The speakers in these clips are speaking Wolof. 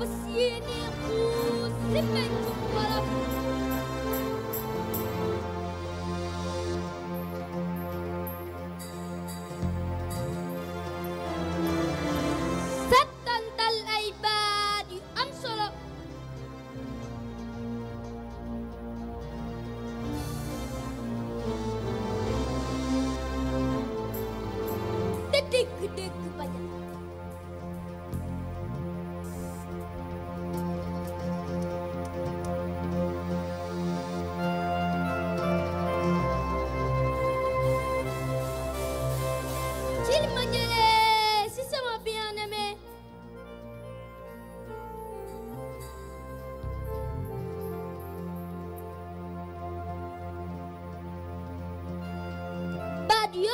pasienikku sepenku kepalaku. Gede-gede banyak. diyor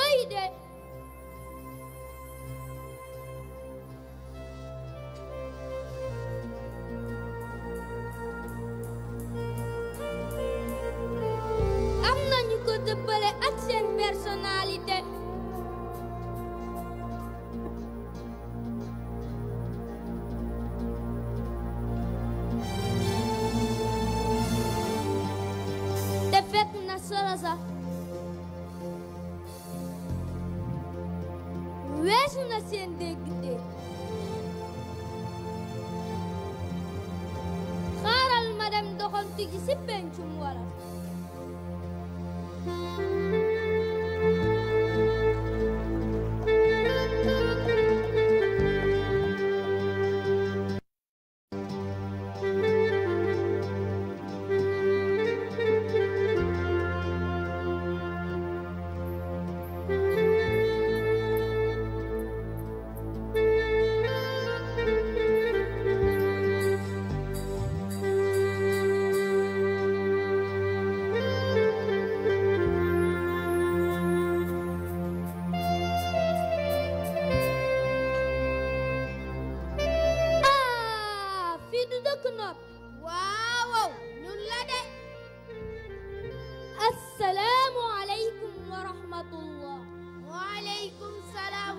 weesu na seen dégg-dégg xaaral ma dem doxantu gi ci pencum waral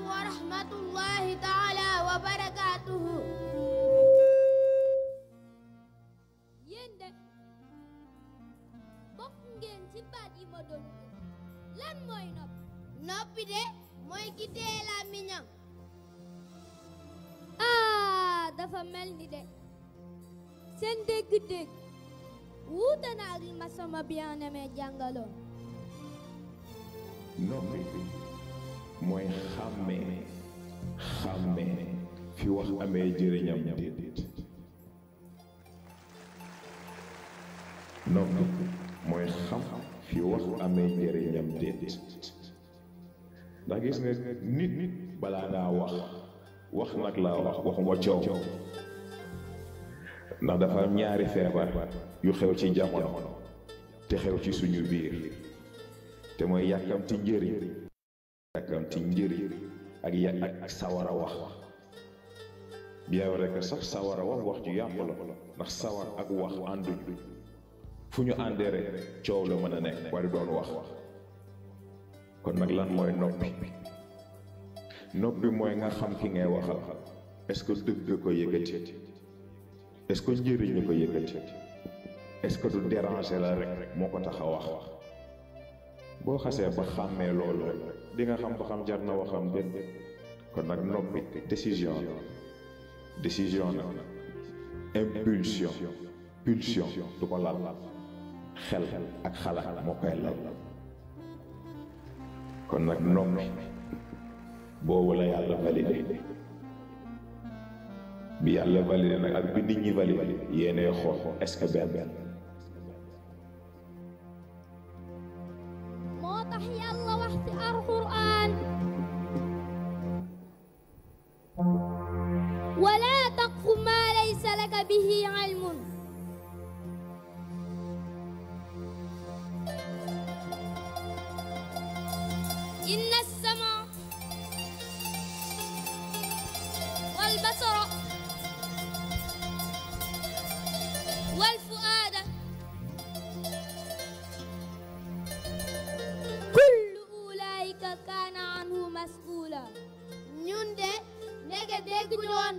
ورحمة الله تعالى وبركاته yéen de bokk ngeen ci baat yi ma doon lan mooy nopp noppi de mooy ki téye làmmiñam ah dafa mel ni de seen dégg-dégg wuute na ak ma sama bien-aimé mooy xàmmee xàmmee fi wax amee jëriñam déedéet nopp mooy xam amee jëriñam ndax gis nga nit nit balaa ngaa wax wax nag laa wax waxuma coow ndax dafa am ñaari feebar yu xew ci jamono te xew ci suñu biir te mooy yàkkamti njëriñ nekkam ci njëriñ ak ya ak sawar a wax bien vrai que sax sawar a wax wax la ndax sawar ak wax ànduñ fu ñu àndee rek la mën a kon nag lan mooy noppi noppi mooy nga xam ki ngay waxal est-ce que dëgg ko yëkkati est-ce que njëriñ ko yëkkati est-ce que du déranger la rek moo ko tax a wax. boo xasee ba xàmmee loolu di nga xam ba xam jar na waxam déet kon nag noppi décision la décision la impulsion pulsion du ko lal xel ak xalaat moo koy lal kon nag noppi boobu la yàlla validé bi yàlla validé nag ak bi nit ñi validé yéenee xool est-ce que تحيا الله وحدي القرآن ولا تقف ما ليس لك به علم dégguñu woon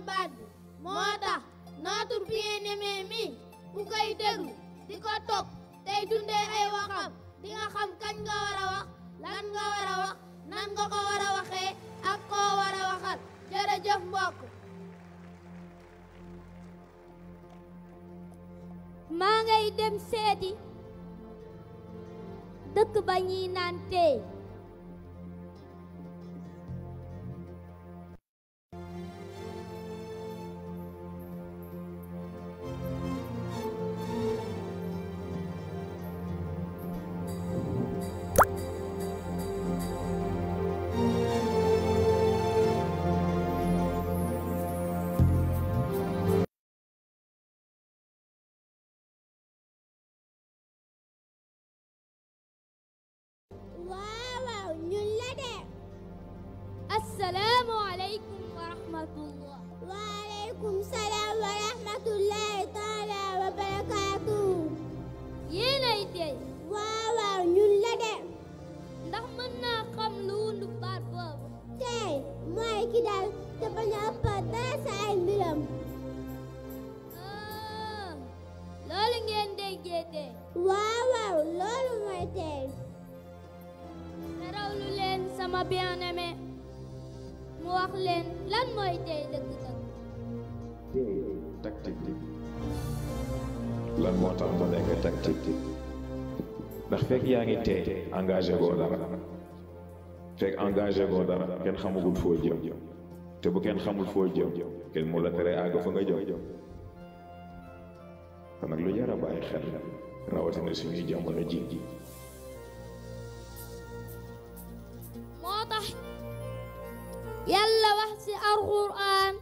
maa ngay dem seeti dëkk ba ñuy naan tey السلام عليكم ورحمة الله وعليكم السلام ورحمة الله تعالى وبركاته yéenay waaw waaw ñun la ndax mën naa xam lu wundu baat boobu tey mooy ki daal ah, te bañ sa ay mbiram ngeen waaw waaw sama bien-aimé mu wax leen lan mooy tey dëgg-dëgg. lan moo tax mu nekk tactique ndax fekk yaa ngi tey engage goo dara fekk engagé goo dara kenn xamagul foo jëm te bu kenn xamul foo jëm kenn mu la tere àgg fa nga jëm kon nag lu jar a bàyyi xel rawatina suñuy jamono ji. yàlla wax ci alquran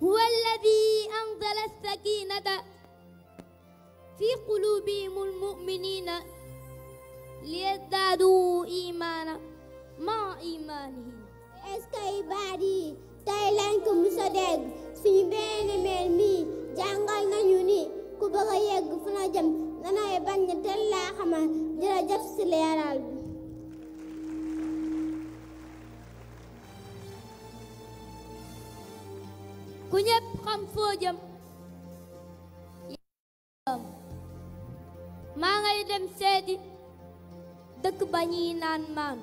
huwa alladi anzala sakinata fi qulubihim almuminina liyazdadu imaana ma imaanihim est-ce que ibaad yi tey lañ ko musa dégg suñu benn mel mi jàngal nañu ni ku bëgg a yegg fu na jëm danay bañ teel laa xamal jërëjëf ci leeral bi xam foo jëm maa ngay dem seeti dëkk ba yi naan maan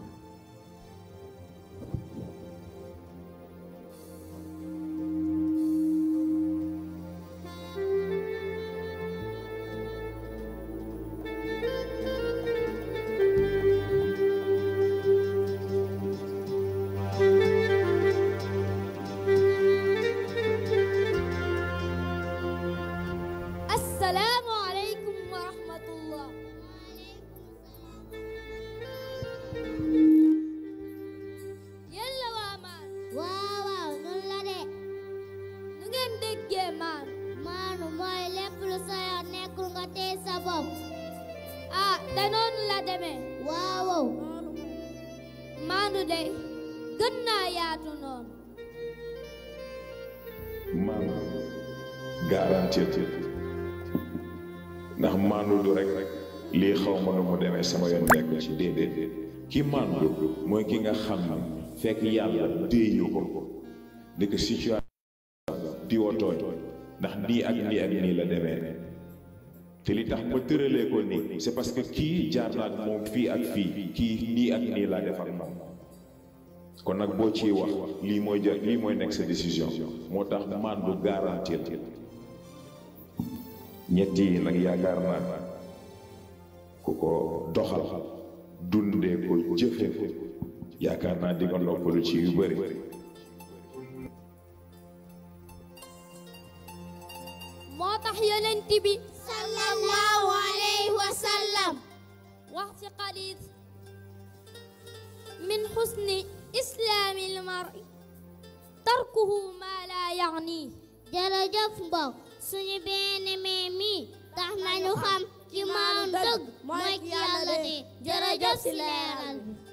te sa bopp ah te noonu la demee waawow maandu dey gën naa yaatu noonu maandu garantir ndax du rek rek mu sama yoon nekk ci déedéet ki maandu mooy ki nga xam ne fekk yàlla déeyu ko ndeke situation ndax ak ak la te li tax ma tëralee ko nii c'est parce que kii jaar naa ak moom fii ak fii kii nii ak nii laa def ak moom kon nag boo ciy wax lii mooy jot lii mooy nekk sa décision moo man du garantir ñett yi nag yaakaar ku ko doxal dundee ko jëfe ko yaakaar naa di nga noppalu ci yu bëri moo tax bi صلى الله عليه وسلم واعتقد من حسن إسلام المرء تركه ما لا يعنيه درجة جفبا سني بين ميمي تحمل خم كمان دق ما يكيالني درجة سلال